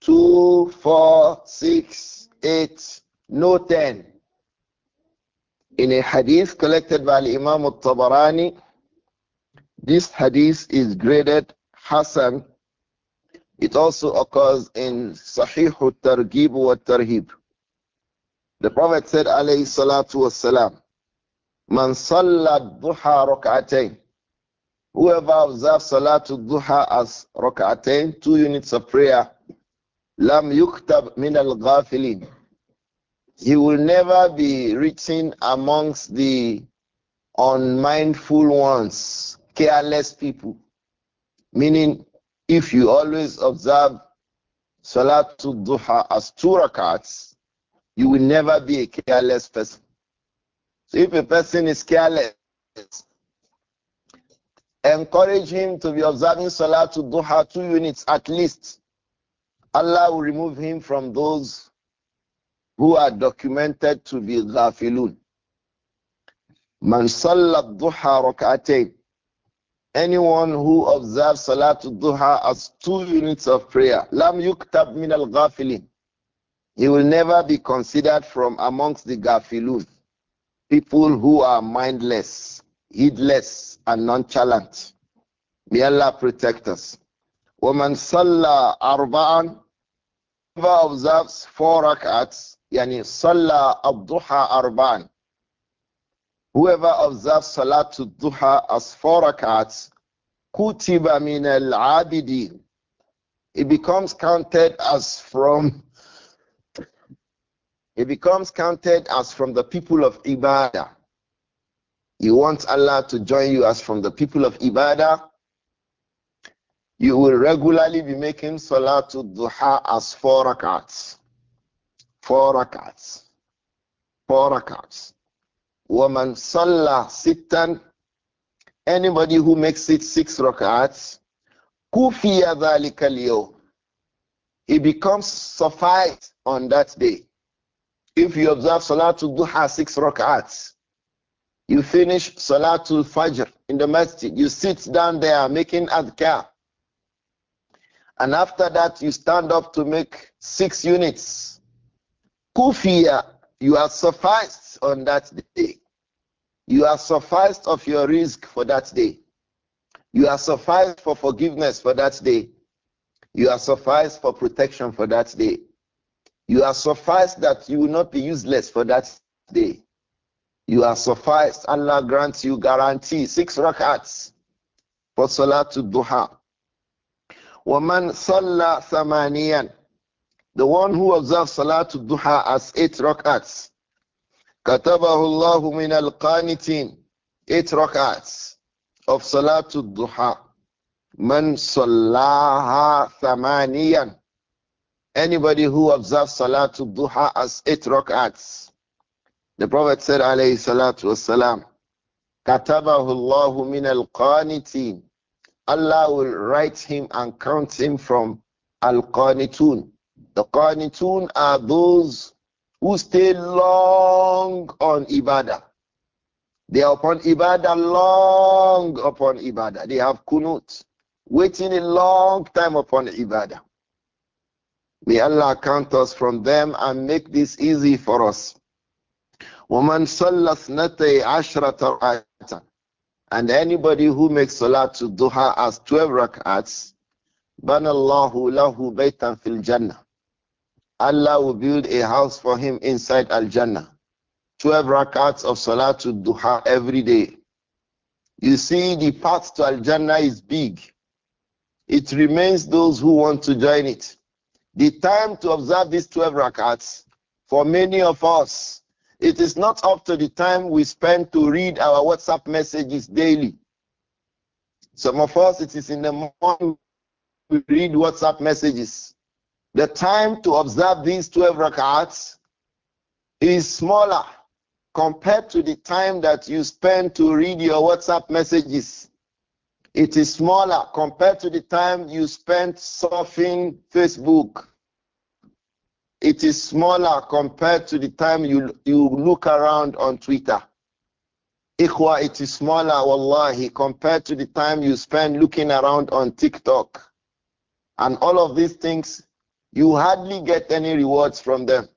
Two, four, six, eight, no ten. In a hadith collected by Imam al-Tabarani, this hadith is graded Hasan. It also occurs in Sahih al-Targhib wa tarhib The Prophet said, alayhi salatu wassalam, Man salla duha rak'atayn Whoever observes Salatul Duha as rak'atain, two units of prayer, lam yuktab min al ghafilin. He will never be written amongst the unmindful ones, careless people. Meaning, if you always observe Salatul Duha as two rakats, you will never be a careless person. So if a person is careless, encourage him to be observing Salah to Duha two units at least. Allah will remove him from those who are documented to be ghafilun. Man salat duha rak'atayn. Anyone who observes to duha as two units of prayer, lam yuktab min al ghafilin. He will never be considered from amongst the ghafilun, people who are mindless heedless and nonchalant. May Allah protect us. Woman Salah Arba'an, whoever observes four rak'ats, yani Salah Abduha Arba'an. Whoever observes to Duha as four rak'ats, Kutiba min al abidin. It becomes counted as from it becomes counted as from the people of Ibadah you want Allah to join you as from the people of Ibadah, you will regularly be making Salatul Duha as four rakats. Four rakats. Four rakats. Woman Salah Sittan, anybody who makes it six rakats, Kufiya Dhalika He becomes suffice on that day. If you observe Salatul Duha six rakats, you finish Salatul Fajr in the masjid. You sit down there making adhkar. And after that, you stand up to make six units. Kufiya, you are sufficed on that day. You are sufficed of your risk for that day. You are sufficed for forgiveness for that day. You are sufficed for protection for that day. You are sufficed that you will not be useless for that day. You are sufficed. Allah grants you guarantee. Six rakats for Salatul Duha. Woman Salah ثَمَانِيًا The one who observes Salatul Duha as eight rakats. كَتَبَهُ اللَّهُ al الْقَانِتِينَ Eight rakats of Salatul Duha. Man صَلَّاهَا ثَمَانِيًا Anybody who observes Salatul Duha as eight rakats. The Prophet said, alayhi salatu wasalam, Allah will write him and count him from al qanitun. The qanitun are those who stay long on ibadah. They are upon ibadah, long upon ibadah. They have kunut, waiting a long time upon ibadah. May Allah count us from them and make this easy for us. وَمَنْ صَلَّ اثْنَتَيْ عَشْرَةَ رَكْعَةً And anybody who makes Salah to duha as 12 rak'ats, بَنَ اللَّهُ لَهُ بَيْتًا فِي الْجَنَّةِ Allah will build a house for him inside Al-Jannah. 12 rak'ats of Salah to duha every day. You see, the path to Al-Jannah is big. It remains those who want to join it. The time to observe these 12 rakats for many of us it is not up to the time we spend to read our WhatsApp messages daily. Some of us, it is in the morning we read WhatsApp messages. The time to observe these 12 records is smaller compared to the time that you spend to read your WhatsApp messages. It is smaller compared to the time you spend surfing Facebook. It is smaller compared to the time you, you look around on Twitter. Ikhwa, it is smaller, wallahi, compared to the time you spend looking around on TikTok. And all of these things, you hardly get any rewards from them.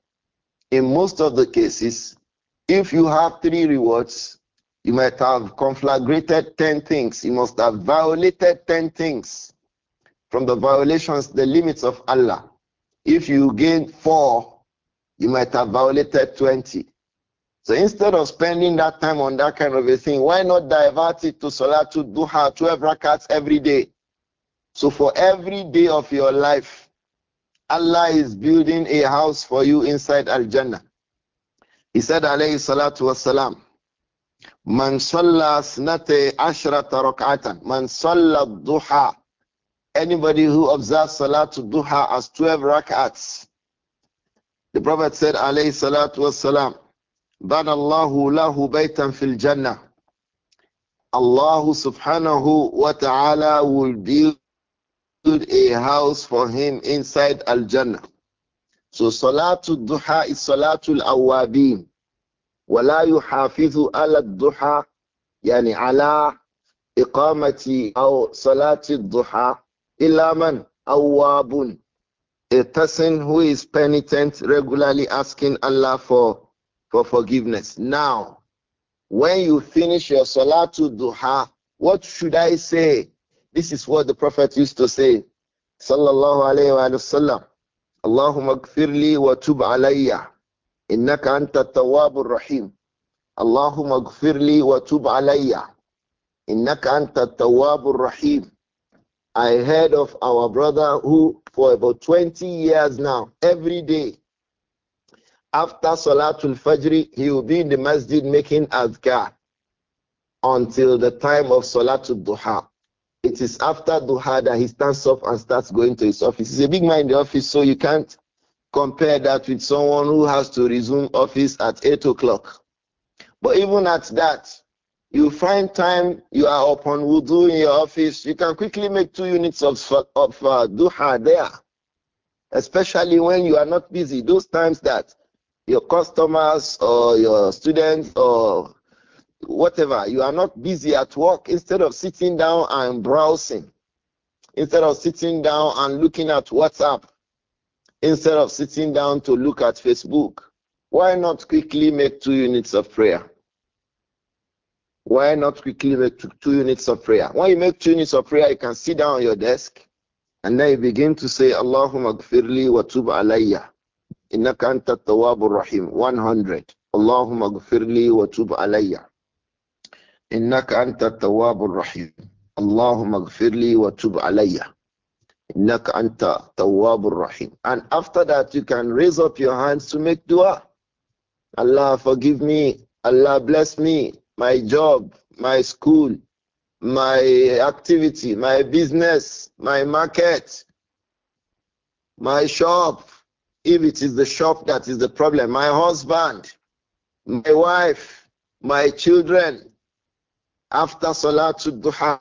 In most of the cases, if you have three rewards, you might have conflagrated 10 things. You must have violated 10 things from the violations, the limits of Allah. If you gain four, you might have violated 20. So instead of spending that time on that kind of a thing, why not divert it to Salah do Duha, 12 rakats every day? So for every day of your life, Allah is building a house for you inside Al Jannah. He said, alayhi salatu wasalam, Man salla snate ashrata rak'atan, man salla duha, Anybody who observes Salatul Duha as 12 rak'ats. The Prophet said, alayhi salatu wassalam, بَنَى اللَّهُ لَهُ بَيْتًا فِي الْجَنَّةِ Allah subhanahu wa ta'ala will build a house for him inside Al Jannah. So Salatul Duha is Salatul Awabin. ولا يحافظ على الضحى يعني على إقامة أو صلاة الضحى Ilaman awabun, a person who is penitent, regularly asking Allah for, for forgiveness. Now, when you finish your Salatul Duha, what should I say? This is what the Prophet used to say. Sallallahu alayhi wa sallam. Allahumma gfirli wa tub alayya. Innaka anta tawwabur rahim. Allahumma gfirli wa tub alayya. Innaka anta tawwabur rahim. I heard of our brother who, for about 20 years now, every day after Salatul Fajr, he will be in the masjid making adhkar until the time of Salatul Duha. It is after Duha that he stands up and starts going to his office. He's a big man in the office, so you can't compare that with someone who has to resume office at 8 o'clock. But even at that, you find time, you are upon wudu in your office, you can quickly make two units of, of uh, duha there. Especially when you are not busy. Those times that your customers or your students or whatever, you are not busy at work instead of sitting down and browsing, instead of sitting down and looking at WhatsApp, instead of sitting down to look at Facebook, why not quickly make two units of prayer? Why not quickly make two, two units of prayer? When you make two units of prayer, you can sit down on your desk and then you begin to say, Allahumma gfirli wa tub alayya. Inna anta tawabur rahim. 100. Allahumma gfirli wa tub alayya. Inna anta tawabur rahim. Allahumma gfirli wa tub alayya. Inna anta tawabur rahim. And after that, you can raise up your hands to make dua. Allah forgive me. Allah bless me my job, my school, my activity, my business, my market, my shop, if it is the shop that is the problem, my husband, my wife, my children, after Salatul Duha,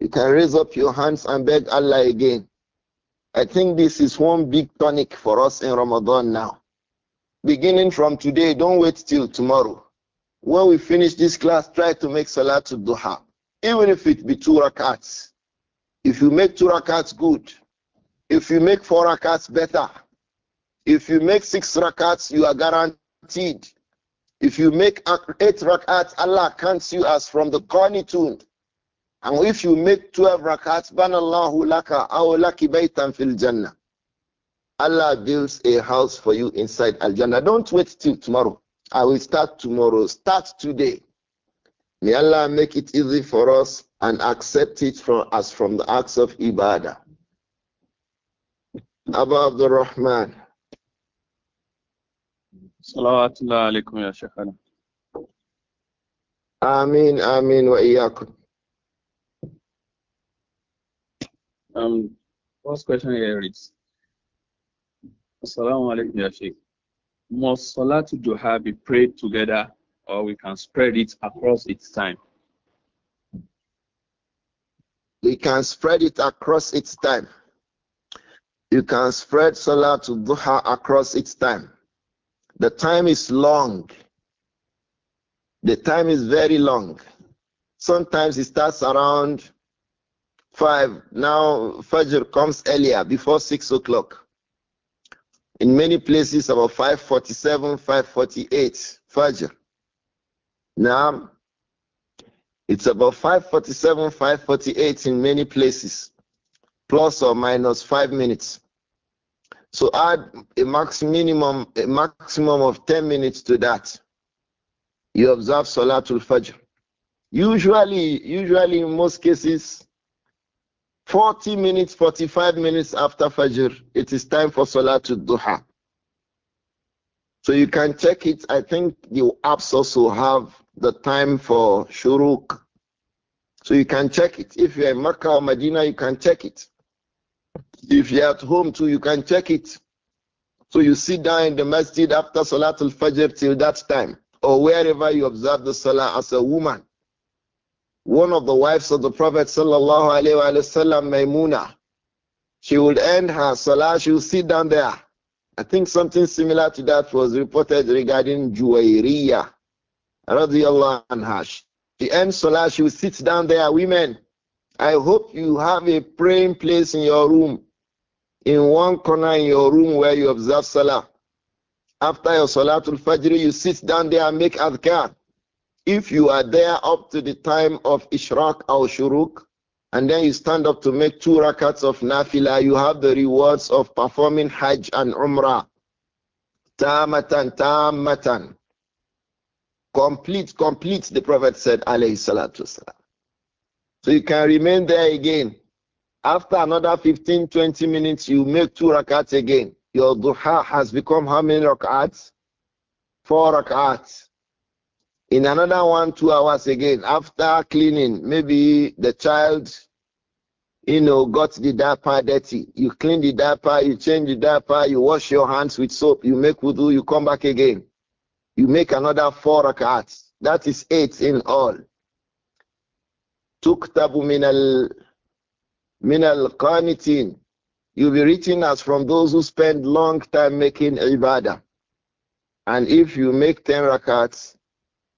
you can raise up your hands and beg Allah again. I think this is one big tonic for us in Ramadan now. Beginning from today, don't wait till tomorrow. When we finish this class, try to make salah to Duha, even if it be two rakats. If you make two rakats, good. If you make four rakats, better. If you make six rakats, you are guaranteed. If you make eight rakats, Allah counts you as from the qanitun. And if you make 12 rakats, banallahu laka aw laki baytan fil jannah. Allah builds a house for you inside Al Jannah. Don't wait till tomorrow. I will start tomorrow. Start today. May Allah make it easy for us and accept it from us from the acts of ibadah. Abu al Rahman. Salawatullah alaikum ya Shaykhana. Ameen, ameen wa iyaakum. Um, first question here is Assalamu alaikum ya Shaykh must Salatul Duha be prayed together or we can spread it across its time? We can spread it across its time. You can spread Salatul Duha across its time. The time is long. The time is very long. Sometimes it starts around 5. Now Fajr comes earlier, before 6 o'clock. In many places, about 547, 548 Fajr. Now, it's about 547, 548 in many places, plus or minus five minutes. So add a max minimum, a maximum of 10 minutes to that. You observe Salatul Fajr. Usually, usually in most cases, 40 minutes, 45 minutes after Fajr, it is time for Salatul Duha. So you can check it. I think the apps also have the time for Shuruk. So you can check it. If you're in Makkah or Medina, you can check it. If you're at home too, you can check it. So you sit down in the masjid after Salatul Fajr till that time, or wherever you observe the Salah as a woman one of the wives of the Prophet sallallahu alaihi wasallam, she would end her salah, she would sit down there. I think something similar to that was reported regarding Juwairiyah, radiallahu anha. She ends salah, she would sit down there. Women, I hope you have a praying place in your room, in one corner in your room where you observe salah. After your salatul fajr, you sit down there and make adhkar. If you are there up to the time of Ishraq al Shuruk, and then you stand up to make two rakats of nafila, you have the rewards of performing Hajj and Umrah. Tamatan, tamatan. Complete, complete, the Prophet said, alayhi salatu salam." So you can remain there again. After another 15, 20 minutes, you make two rakats again. Your duha has become how many rakats? Four rakats in another one, two hours again, after cleaning, maybe the child, you know, got the diaper dirty. You clean the diaper, you change the diaper, you wash your hands with soap, you make wudu, you come back again. You make another four rakats. That is eight in all. Tuktabu minal minal qanitin. You'll be written as from those who spend long time making ibadah. And if you make ten rakats,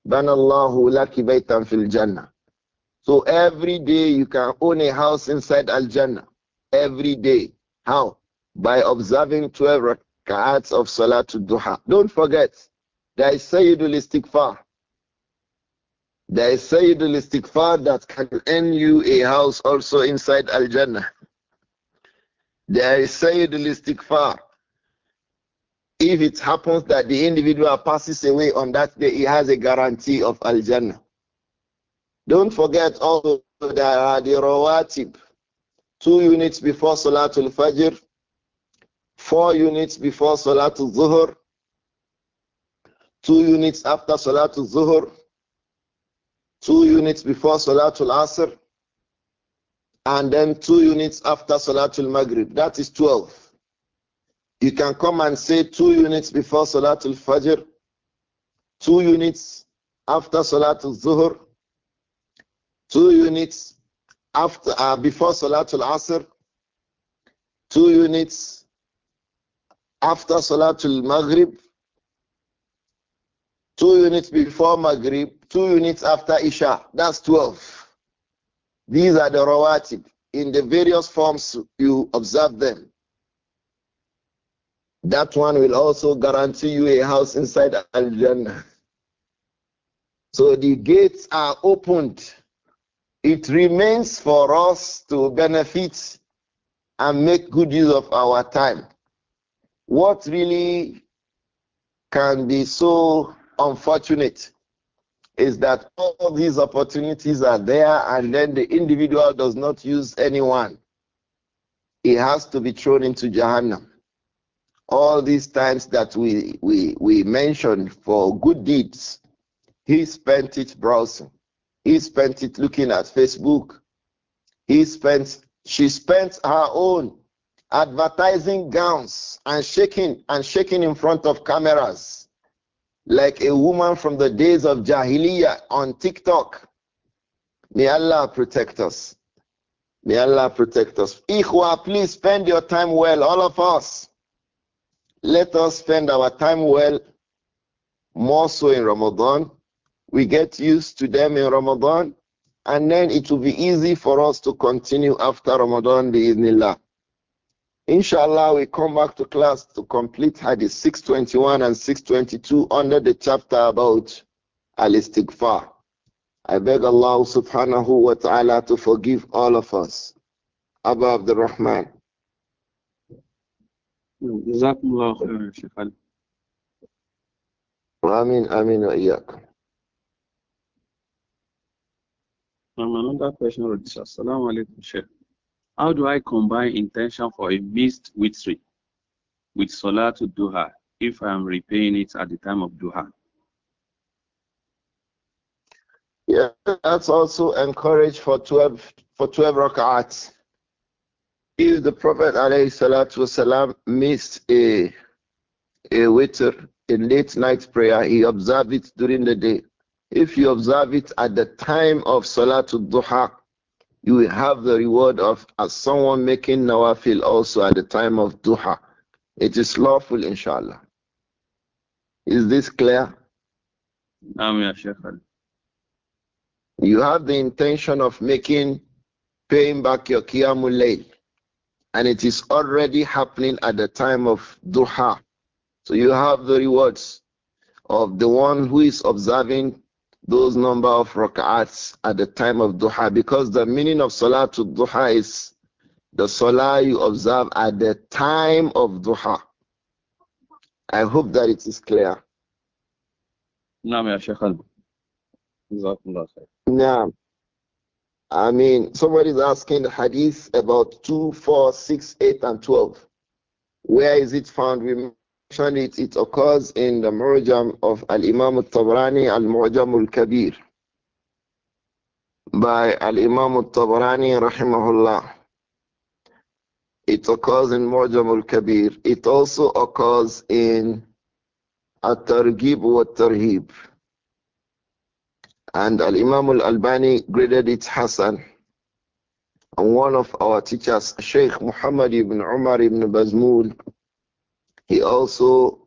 Banallahu laki baytan fil Jannah. So every day you can own a house inside Al Jannah. Every day. How? By observing 12 rak'ats of Salatul Duha. Don't forget, there is Sayyidul Istighfar. There is Sayyidul Istighfar that can earn you a house also inside Al Jannah. There is Sayyidul Istighfar if it happens that the individual passes away on that day, he has a guarantee of Al Jannah. Don't forget also there are the Rawatib, two units before Salatul Fajr, four units before Salatul Zuhur, two units after Salatul Zuhur, two units before Salatul Asr, and then two units after Salatul Maghrib. That is 12. You can come and say two units before Salatul Fajr, two units after Salatul Zuhr, two units after uh, before Salatul Asr, two units after Salatul Maghrib, two units before Maghrib, two units after Isha. That's 12. These are the rawatib. In the various forms, you observe them. That one will also guarantee you a house inside Al Jannah. So the gates are opened. It remains for us to benefit and make good use of our time. What really can be so unfortunate is that all these opportunities are there and then the individual does not use anyone. He has to be thrown into Jahannam all these times that we, we, we mentioned for good deeds, he spent it browsing. He spent it looking at Facebook. He spent, she spent her own advertising gowns and shaking and shaking in front of cameras like a woman from the days of Jahiliyyah on TikTok. May Allah protect us. May Allah protect us. Ikhwa, please spend your time well, all of us. Let us spend our time well, more so in Ramadan. We get used to them in Ramadan, and then it will be easy for us to continue after Ramadan, bi'idhnillah. Inshallah, we come back to class to complete Hadith 621 and 622 under the chapter about Al Istighfar. I beg Allah subhanahu wa ta'ala to forgive all of us. Abu Abdurrahman. جزاكم الله خيرا يا شيخ علي آمين آمين وإياكم Another question on this. Assalamu alaikum, Sheikh. How do I combine intention for a missed witri with salah to duha if I am repaying it at the time of duha? Yeah, that's also encouraged for 12 for 12 rak'ats. If the Prophet والسلام, missed a, a witr, a late night prayer, he observed it during the day. If you observe it at the time of Salatul Duha, you will have the reward of as someone making nawafil also at the time of Duha. It is lawful, inshallah. Is this clear? Um, you have the intention of making, paying back your Qiyamul Layl and it is already happening at the time of duha. So you have the rewards of the one who is observing those number of rak'ats at the time of duha because the meaning of salah to duha is the salah you observe at the time of duha. I hope that it is clear. نعم يا I mean, somebody's asking the hadith about 2, 4, 6, 8, and 12. Where is it found? We mentioned it. It occurs in the Murjam of Al Imam al Tabrani, Al Murjam al Kabir, by Al Imam al Tabrani, Rahimahullah. It occurs in Murjam al Kabir. It also occurs in At Targhib wa Tarhib. And Al Imam Al Albani graded it Hassan. And one of our teachers, Sheikh Muhammad ibn Umar ibn Bazmul, he also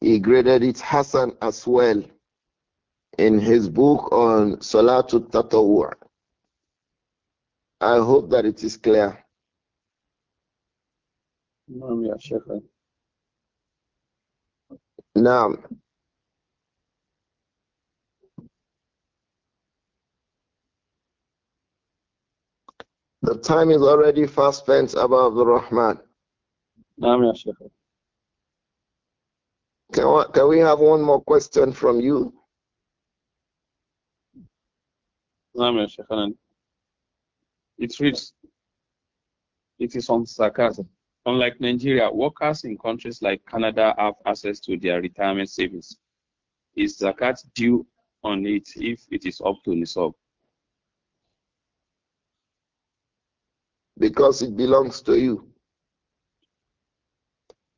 he graded it Hassan as well in his book on Salatul Tatawur. I hope that it is clear. Now, The time is already fast spent, Abu the Rahman. No, can, we, can we have one more question from you? نعم يا it reads it is on sarcasm unlike Nigeria workers in countries like Canada have access to their retirement savings is zakat due on it if it is up to nisab because it belongs to you.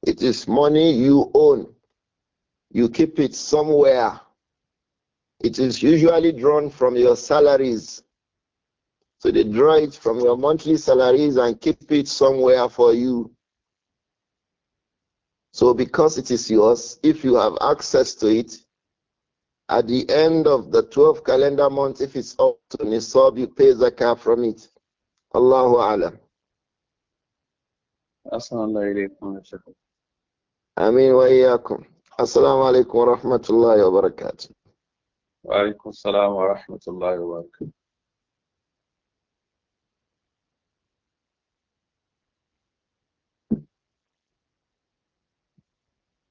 It is money you own. You keep it somewhere. It is usually drawn from your salaries. So they draw it from your monthly salaries and keep it somewhere for you. So because it is yours, if you have access to it, at the end of the 12 calendar month, if it's up to Nisab, you pay Zakah from it. الله أعلم أحسن الله إليكم يا شيخ آمين وإياكم السلام عليكم ورحمة الله وبركاته وعليكم السلام ورحمة الله وبركاته